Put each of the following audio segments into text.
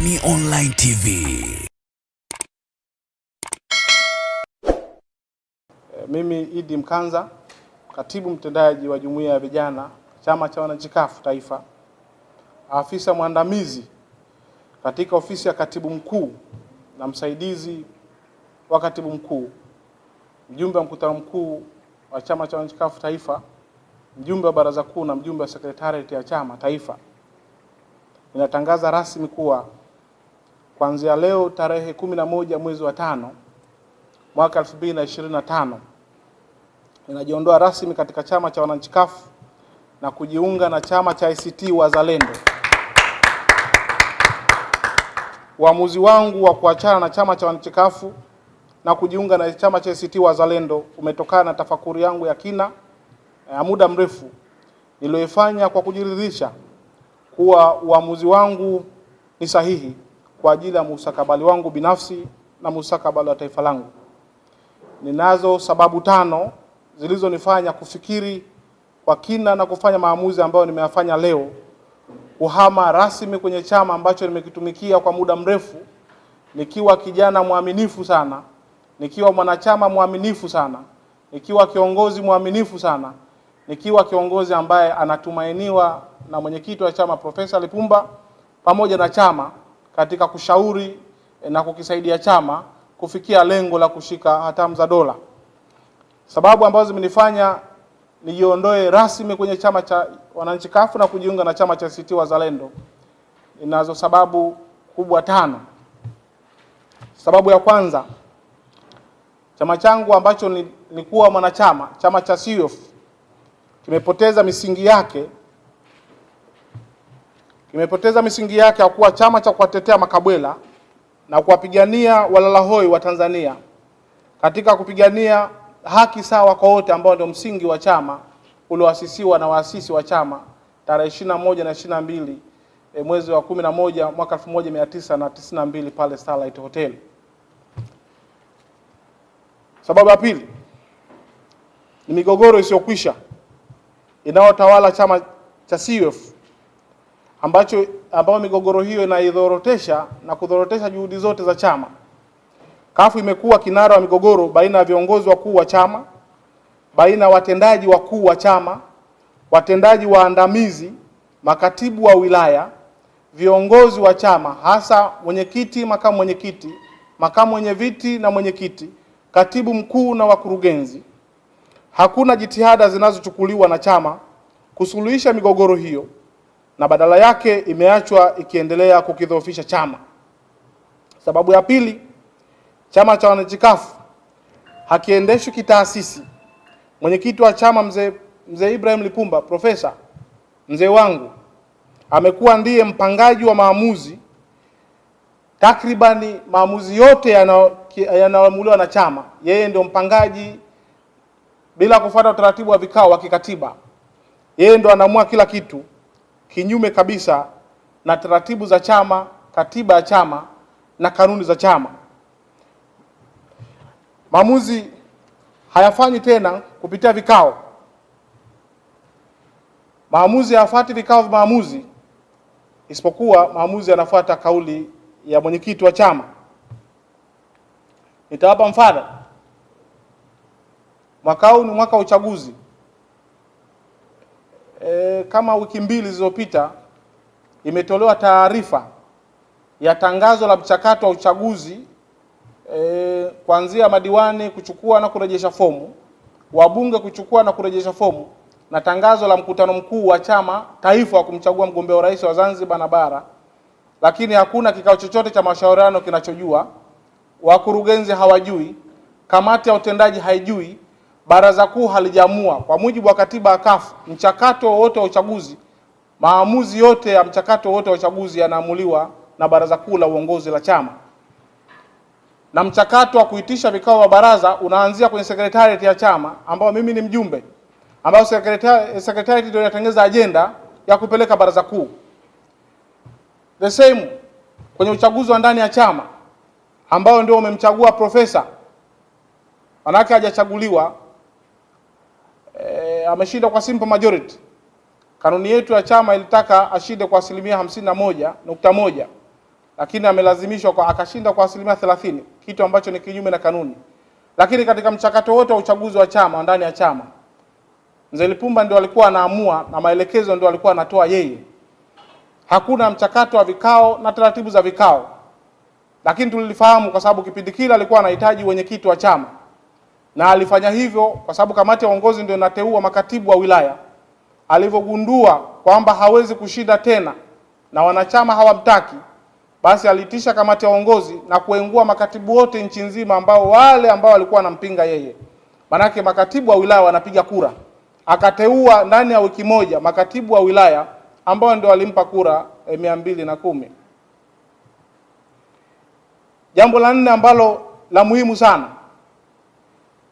Boni Online TV. Eh, mimi Idi Mkanza, katibu mtendaji wa Jumuiya ya Vijana Chama cha Wananchi CUF Taifa, afisa mwandamizi katika ofisi ya katibu mkuu na msaidizi wa katibu mkuu, mjumbe wa mkutano mkuu wa Chama cha Wananchi CUF Taifa, mjumbe wa baraza kuu na mjumbe wa sekretariat ya chama taifa. inatangaza rasmi kuwa kuanzia leo tarehe 11 mwezi wa tano mwaka tano inajiondoa rasmi katika chama cha wananchi CUF na kujiunga na chama cha ACT Wazalendo. Uamuzi wangu wa kuachana na chama cha wananchi CUF na kujiunga na chama cha ACT Wazalendo umetokana na tafakuri yangu ya kina ya muda mrefu niliyoifanya kwa kujiridhisha kuwa uamuzi wangu ni sahihi kwa ajili ya mustakabali wangu binafsi na mustakabali wa taifa langu. Ninazo sababu tano zilizonifanya kufikiri kwa kina na kufanya maamuzi ambayo nimeyafanya leo, kuhama rasmi kwenye chama ambacho nimekitumikia kwa muda mrefu, nikiwa kijana mwaminifu sana, nikiwa mwanachama mwaminifu sana, nikiwa kiongozi mwaminifu sana, nikiwa kiongozi ambaye anatumainiwa na mwenyekiti wa chama Profesa Lipumba pamoja na chama katika kushauri eh, na kukisaidia chama kufikia lengo la kushika hatamu za dola. Sababu ambazo zimenifanya nijiondoe rasmi kwenye chama cha wananchi kafu na kujiunga na chama cha ACT Wazalendo inazo sababu kubwa tano. Sababu ya kwanza, chama changu ambacho ni, ni kuwa mwanachama chama cha CUF kimepoteza misingi yake kimepoteza misingi yake ya kuwa chama cha kuwatetea makabwela na kuwapigania walalahoi wa Tanzania katika kupigania haki sawa kwa wote, ambao ndio msingi wa chama ulioasisiwa na waasisi wa chama tarehe 21 na mbili e, mwezi wa moja mwaka mbili pale Starlight Hotel. Sababu ya pili ni migogoro isiyokwisha inayotawala chama cha CUF ambacho ambayo migogoro hiyo inaidhorotesha na kudhorotesha juhudi zote za chama. Kafu imekuwa kinara wa migogoro baina ya viongozi wakuu wa chama, baina ya watendaji wakuu wa chama, watendaji waandamizi, makatibu wa wilaya, viongozi wa chama, hasa mwenyekiti, makamu mwenyekiti, makamu mwenye viti na mwenyekiti, katibu mkuu na wakurugenzi. Hakuna jitihada zinazochukuliwa na chama kusuluhisha migogoro hiyo na badala yake imeachwa ikiendelea kukidhoofisha chama. Sababu ya pili, chama cha wananchi CUF hakiendeshwi kitaasisi. Mwenyekiti wa chama mzee mzee Ibrahim Lipumba, profesa mzee wangu, amekuwa ndiye mpangaji wa maamuzi, takribani maamuzi yote yanayoamuliwa na chama, yeye ndio mpangaji bila kufuata utaratibu wa vikao wa kikatiba, yeye ndio anaamua kila kitu kinyume kabisa na taratibu za chama, katiba ya chama na kanuni za chama. Maamuzi hayafanyi tena kupitia vikao, maamuzi hayafuati vikao vya maamuzi, isipokuwa maamuzi yanafuata kauli ya mwenyekiti wa chama. Nitawapa mfano. Mwaka huu ni mwaka wa uchaguzi e, kama wiki mbili zilizopita imetolewa taarifa ya tangazo la mchakato wa uchaguzi e, kuanzia madiwani kuchukua na kurejesha fomu, wabunge kuchukua na kurejesha fomu na tangazo la mkutano mkuu wa chama taifa wa kumchagua mgombea urais wa Zanzibar na bara, lakini hakuna kikao chochote cha mashauriano kinachojua, wakurugenzi hawajui, kamati ya utendaji haijui baraza kuu halijaamua. Kwa mujibu wa katiba ya CUF, mchakato wote wa uchaguzi, maamuzi yote ya mchakato wote wa uchaguzi yanaamuliwa na baraza kuu la uongozi la chama, na mchakato wa kuitisha vikao vya baraza unaanzia kwenye sekretariat ya chama, ambao mimi ni mjumbe, ambao sekretariat ndio inatengeneza ajenda ya kupeleka baraza kuu. The same kwenye uchaguzi wa ndani ya chama ambao ndio umemchagua profesa, manake hajachaguliwa eh, ameshinda kwa simple majority. Kanuni yetu ya chama ilitaka ashinde kwa asilimia hamsini na moja nukta moja lakini amelazimishwa kwa akashinda kwa asilimia thelathini kitu ambacho ni kinyume na kanuni. Lakini katika mchakato wote wa uchaguzi wa chama ndani ya chama Mzee Lipumba ndio alikuwa anaamua na maelekezo ndio alikuwa anatoa yeye. Hakuna mchakato wa vikao na taratibu za vikao, lakini tulifahamu kwa sababu kipindi kile alikuwa anahitaji wenyekiti wa chama na alifanya hivyo kwa sababu kamati ya uongozi ndio inateua makatibu wa wilaya. Alivyogundua kwamba hawezi kushinda tena na wanachama hawamtaki, basi aliitisha kamati ya uongozi na kuengua makatibu wote nchi nzima, ambao wale ambao walikuwa wanampinga yeye, manake makatibu wa wilaya wanapiga kura. Akateua ndani ya wiki moja makatibu wa wilaya ambao ndio walimpa kura eh, mia mbili na kumi. Jambo la nne ambalo la muhimu sana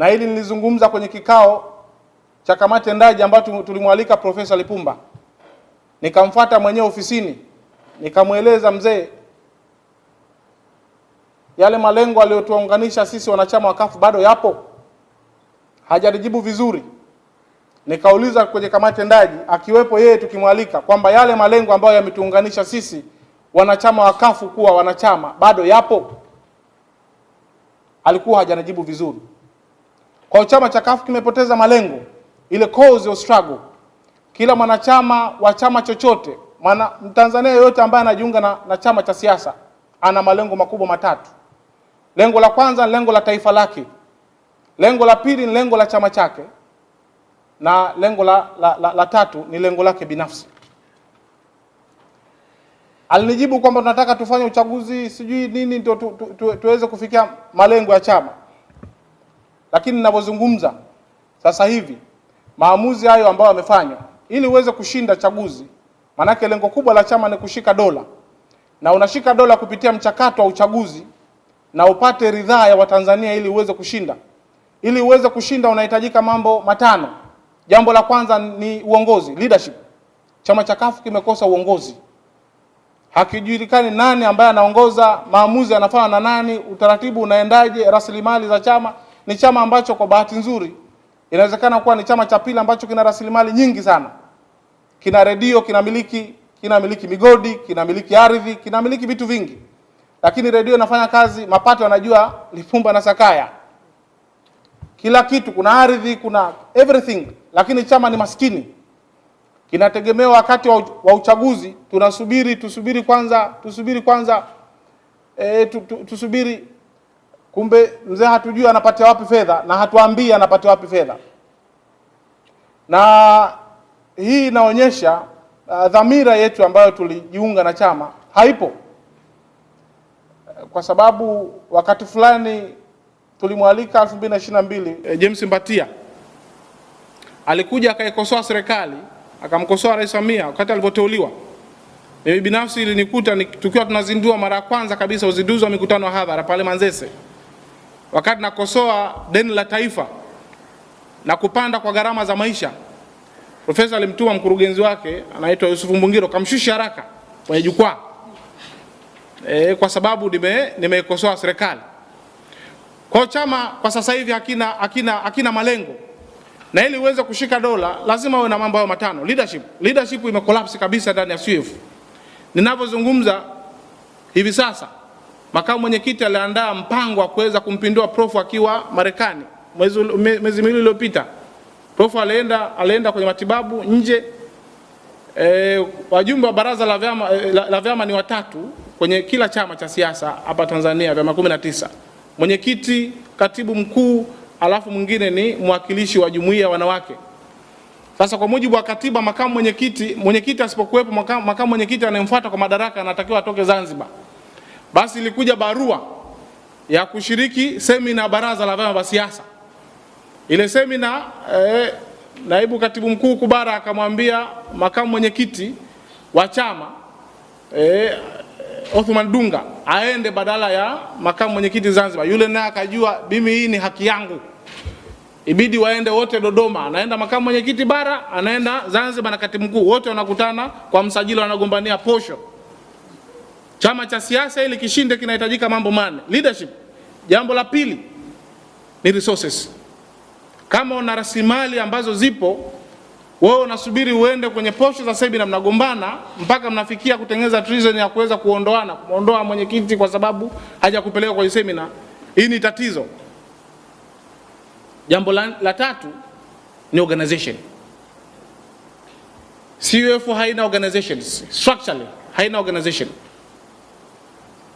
na hili nilizungumza kwenye kikao cha kamati tendaji ambacho tulimwalika Profesa Lipumba, nikamfuata mwenyewe ofisini, nikamweleza mzee, yale malengo aliyotuunganisha sisi wanachama wa CUF bado yapo. Hajanijibu vizuri. Nikauliza kwenye kamati tendaji, akiwepo yeye tukimwalika, kwamba yale malengo ambayo yametuunganisha sisi wanachama wa CUF kuwa wanachama bado yapo. Alikuwa hajanijibu vizuri. Kwa chama cha CUF kimepoteza malengo, ile cause ya struggle. Kila mwanachama wa chama chochote, mwana Mtanzania yoyote ambaye anajiunga na, na chama cha siasa ana malengo makubwa matatu. Lengo la kwanza ni lengo la taifa lake, lengo la pili ni lengo la chama chake, na lengo la, la, la, la tatu ni lengo lake binafsi. Alinijibu kwamba tunataka tufanye uchaguzi sijui nini ndio tu, tu, tu, tuweze kufikia malengo ya chama. Lakini ninavyozungumza sasa hivi maamuzi hayo ambayo yamefanywa ili uweze kushinda chaguzi, maanake lengo kubwa la chama ni kushika dola, na unashika dola kupitia mchakato wa uchaguzi na upate ridhaa ya Watanzania ili uweze kushinda. Ili uweze kushinda unahitajika mambo matano. Jambo la kwanza ni uongozi, leadership. Chama cha CUF kimekosa uongozi, hakijulikani nani ambaye anaongoza, maamuzi yanafanywa na nani, utaratibu unaendaje, rasilimali za chama ni chama ambacho kwa bahati nzuri inawezekana kuwa ni chama cha pili ambacho kina rasilimali nyingi sana, kina redio, kinamiliki kinamiliki migodi, kinamiliki ardhi, kinamiliki vitu vingi, lakini redio inafanya kazi, mapato anajua Lipumba na Sakaya, kila kitu, kuna ardhi, kuna everything, lakini chama ni maskini, kinategemea wakati wa uchaguzi. Tunasubiri, tusubiri kwanza, tusubiri kwanza, e, tusubiri Kumbe mzee hatujui anapatia wapi fedha na hatuambii anapatia wapi fedha, na hii inaonyesha uh, dhamira yetu ambayo tulijiunga na chama haipo, kwa sababu wakati fulani tulimwalika 2022 eh, James Mbatia alikuja akaikosoa serikali akamkosoa Rais Samia wakati alivyoteuliwa. Mimi binafsi ilinikuta tukiwa tunazindua mara ya kwanza kabisa uzinduzi wa mikutano ya hadhara pale Manzese. Wakati nakosoa deni la taifa na kupanda kwa gharama za maisha, profesa alimtuma mkurugenzi wake anaitwa Yusufu Mbungiro, kamshusha haraka kwenye jukwaa e, kwa sababu nimeikosoa serikali. Kwa chama kwa sasa hivi hakina, hakina, hakina malengo, na ili uweze kushika dola lazima uwe na mambo hayo matano. Leadership, leadership imekolapsi kabisa ndani ya CUF ninavyozungumza hivi sasa. Makamu mwenyekiti aliandaa mpango wa kuweza kumpindua profu akiwa Marekani mwezi mwili miwili iliyopita. alienda alienda kwenye matibabu nje. E, wajumbe wa baraza la vyama, e, la, la vyama ni watatu kwenye kila chama cha siasa hapa Tanzania vyama 19. Mwenyekiti, katibu mkuu, alafu mwingine ni mwakilishi wa jumuiya wanawake. Sasa kwa mujibu wa katiba, makamu mwenyekiti mwenyekiti asipokuwepo, makamu mwenyekiti anayemfuata kwa madaraka anatakiwa atoke Zanzibar. Basi ilikuja barua ya kushiriki semina baraza la vyama vya siasa. Ile semina eh, naibu katibu mkuu Kubara akamwambia makamu mwenyekiti wa chama eh, Othman Dunga aende badala ya makamu mwenyekiti Zanzibar. Yule naye akajua mimi, hii ni haki yangu, ibidi waende wote Dodoma. Anaenda makamu mwenyekiti bara, anaenda Zanzibar na katibu mkuu, wote wanakutana kwa msajili, wanagombania posho. Chama cha siasa ili kishinde kinahitajika mambo manne: leadership. Jambo la pili ni resources. Kama una rasilimali ambazo zipo, wewe unasubiri uende kwenye posho za sebi na mnagombana mpaka mnafikia kutengeneza treason ya kuweza kuondoana, kuondoa mwenyekiti kwa sababu hajakupeleka kwenye semina. Hii ni tatizo. Jambo la, la tatu ni organization. CUF haina organizations structurally, haina organization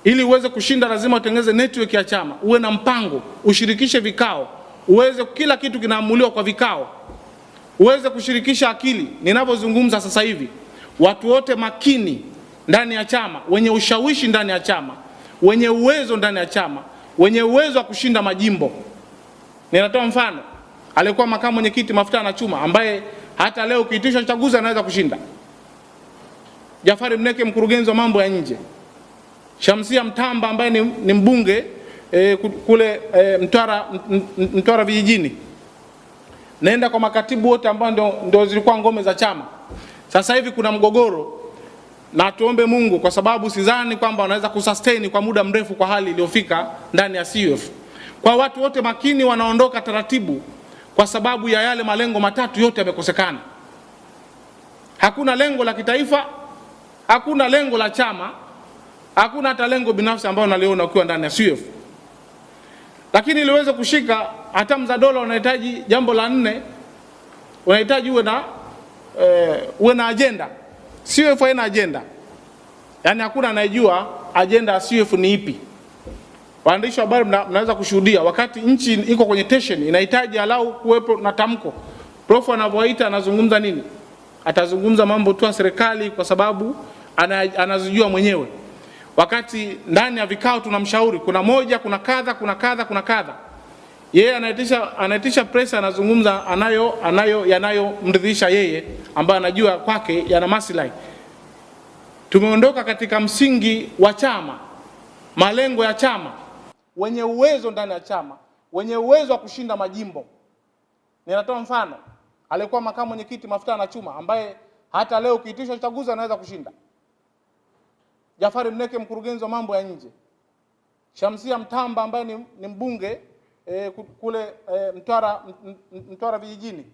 ili uweze kushinda, lazima utengeneze network ya chama, uwe na mpango, ushirikishe vikao, uweze kila kitu kinaamuliwa kwa vikao, uweze kushirikisha akili. Ninavyozungumza sasa hivi, watu wote makini ndani ya chama, wenye ushawishi ndani ya chama, wenye uwezo ndani ya chama, wenye uwezo wa kushinda majimbo. Ninatoa mfano, aliyekuwa makamu mwenyekiti Mafuta na Chuma ambaye hata leo ukiitisha uchaguzi anaweza kushinda. Jafari Mneke, mkurugenzi wa mambo ya nje Shamsia Mtamba ambaye ni, ni mbunge e, kule e, Mtwara, Mtwara vijijini. Naenda kwa makatibu wote ambao ndio, ndio zilikuwa ngome za chama. Sasa hivi kuna mgogoro na tuombe Mungu kwa sababu sidhani kwamba wanaweza kusustain kwa muda mrefu kwa hali iliyofika ndani ya CUF. Kwa watu wote makini wanaondoka taratibu kwa sababu ya yale malengo matatu yote yamekosekana. Hakuna lengo la kitaifa, hakuna lengo la chama Hakuna hata lengo binafsi ambayo naliona ukiwa ndani ya CUF, lakini iliweze kushika hata dola, Unahitaji jambo la nne, unahitaji uwe na e, uwe na ajenda. CUF haina ajenda, yaani hakuna anayejua ajenda ya CUF ni ipi. Waandishi wa habari mna, mnaweza kushuhudia wakati nchi iko kwenye tension, inahitaji alau kuwepo na tamko. Prof anavyoita anazungumza nini? Atazungumza mambo tu ya serikali kwa sababu anazijua mwenyewe wakati ndani ya vikao tunamshauri, kuna moja, kuna kadha, kuna kadha, kuna kadha, yeye anaitisha anaitisha presa, anazungumza anayo anayo yanayomridhisha yeye, ambayo anajua kwake yana maslahi. Tumeondoka katika msingi wa chama, malengo ya chama, wenye uwezo ndani ya chama, wenye uwezo wa kushinda majimbo. Ninatoa mfano, aliyekuwa makamu mwenyekiti mafuta na chuma, ambaye hata leo ukiitisha uchaguzi anaweza kushinda. Jafari Mneke, mkurugenzi wa mambo ya nje, Shamsia Mtamba ambaye ni, ni mbunge e, kule e, Mtwara Mtwara vijijini.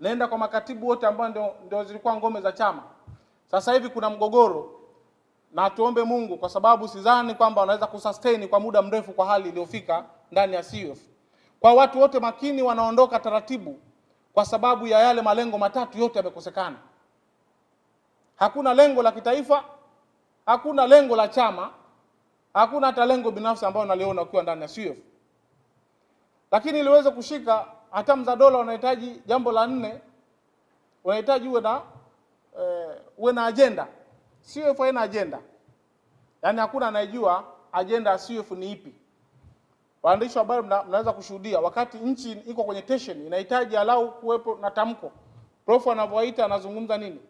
Naenda kwa makatibu wote ambao ndio, ndio zilikuwa ngome za chama. Sasa hivi kuna mgogoro na tuombe Mungu kwa sababu sidhani kwamba wanaweza kusustain kwa muda mrefu kwa hali iliyofika ndani ya CUF. Kwa watu wote makini wanaondoka taratibu kwa sababu ya yale malengo matatu yote yamekosekana. Hakuna lengo la kitaifa hakuna lengo la chama, hakuna hata lengo binafsi ambayo naliona ukiwa ndani ya CUF, lakini iliweza kushika hatamu za dola. Unahitaji jambo la nne, unahitaji uwe na eh, uwe na ajenda. CUF haina ajenda, yaani hakuna anayejua ajenda ya CUF ni ipi. Waandishi wa habari mna, mnaweza kushuhudia wakati nchi iko kwenye tension, inahitaji alau kuwepo na tamko. Prof anavyoita anazungumza nini?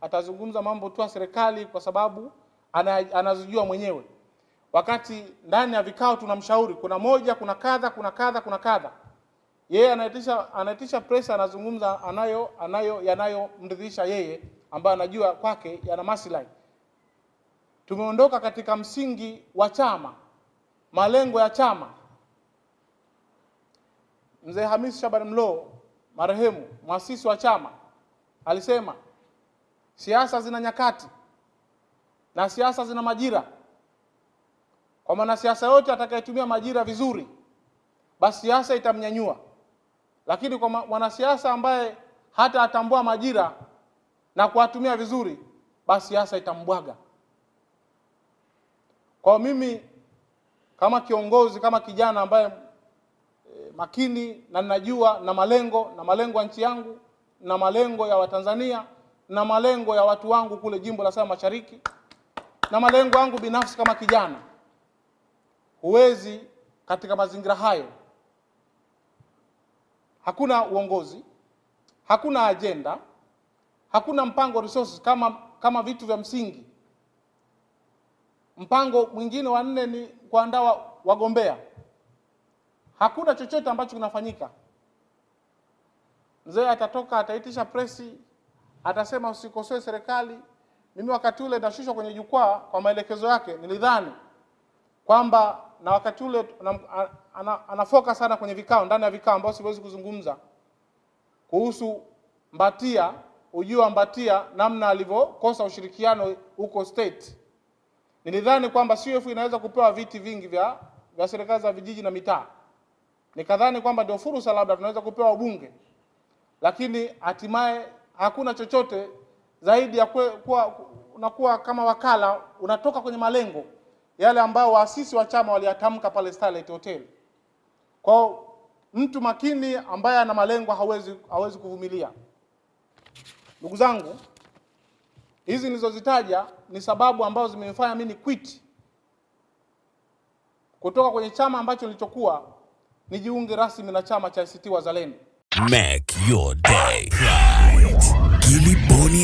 Atazungumza mambo tu ya serikali kwa sababu anazijua mwenyewe, wakati ndani ya vikao tunamshauri kuna moja, kuna kadha, kuna kadha, kuna kadha. Yeye anaitisha anaitisha presa, anazungumza anayo anayo yanayomridhisha yeye, ambayo anajua kwake yana maslahi. Tumeondoka katika msingi wa chama, malengo ya chama. Mzee Hamis Shaban Mlo marehemu, mwasisi wa chama, alisema siasa zina nyakati na siasa zina majira. Kwa mwanasiasa yote atakayetumia majira vizuri, basi siasa itamnyanyua, lakini kwa mwanasiasa ambaye hata atambua majira na kuwatumia vizuri, basi siasa itambwaga. Kwa mimi kama kiongozi, kama kijana ambaye e, makini na ninajua na malengo na malengo ya nchi yangu na malengo ya Watanzania na malengo ya watu wangu kule jimbo la Same Mashariki na malengo yangu binafsi kama kijana, huwezi katika mazingira hayo. Hakuna uongozi, hakuna ajenda, hakuna mpango resources kama, kama vitu vya msingi. Mpango mwingine wa nne ni kuandaa wagombea. Hakuna chochote ambacho kinafanyika. Mzee atatoka ataitisha presi, atasema usikosoe serikali mimi wakati ule nashushwa kwenye jukwaa kwa maelekezo yake, nilidhani kwamba na wakati ule ana, ana, ana focus sana kwenye vikao, ndani ya vikao ambao siwezi kuzungumza kuhusu Mbatia, ujio wa Mbatia, namna alivyokosa ushirikiano huko state. Nilidhani kwamba CUF inaweza kupewa viti vingi vya vya serikali za vijiji na mitaa, nikadhani kwamba ndio fursa, labda tunaweza kupewa ubunge, lakini hatimaye hakuna chochote zaidi ya kuwa, kuwa, unakuwa kama wakala unatoka kwenye malengo yale ambayo waasisi wa chama waliyatamka pale Starlight Hotel. Kwa mtu makini ambaye ana malengo hawezi, hawezi kuvumilia. Ndugu zangu, hizi nilizozitaja ni sababu ambazo zimenifanya mimi ni quit kutoka kwenye chama ambacho nilichokuwa nijiunge rasmi na chama cha ACT Wazalendo. Make your day.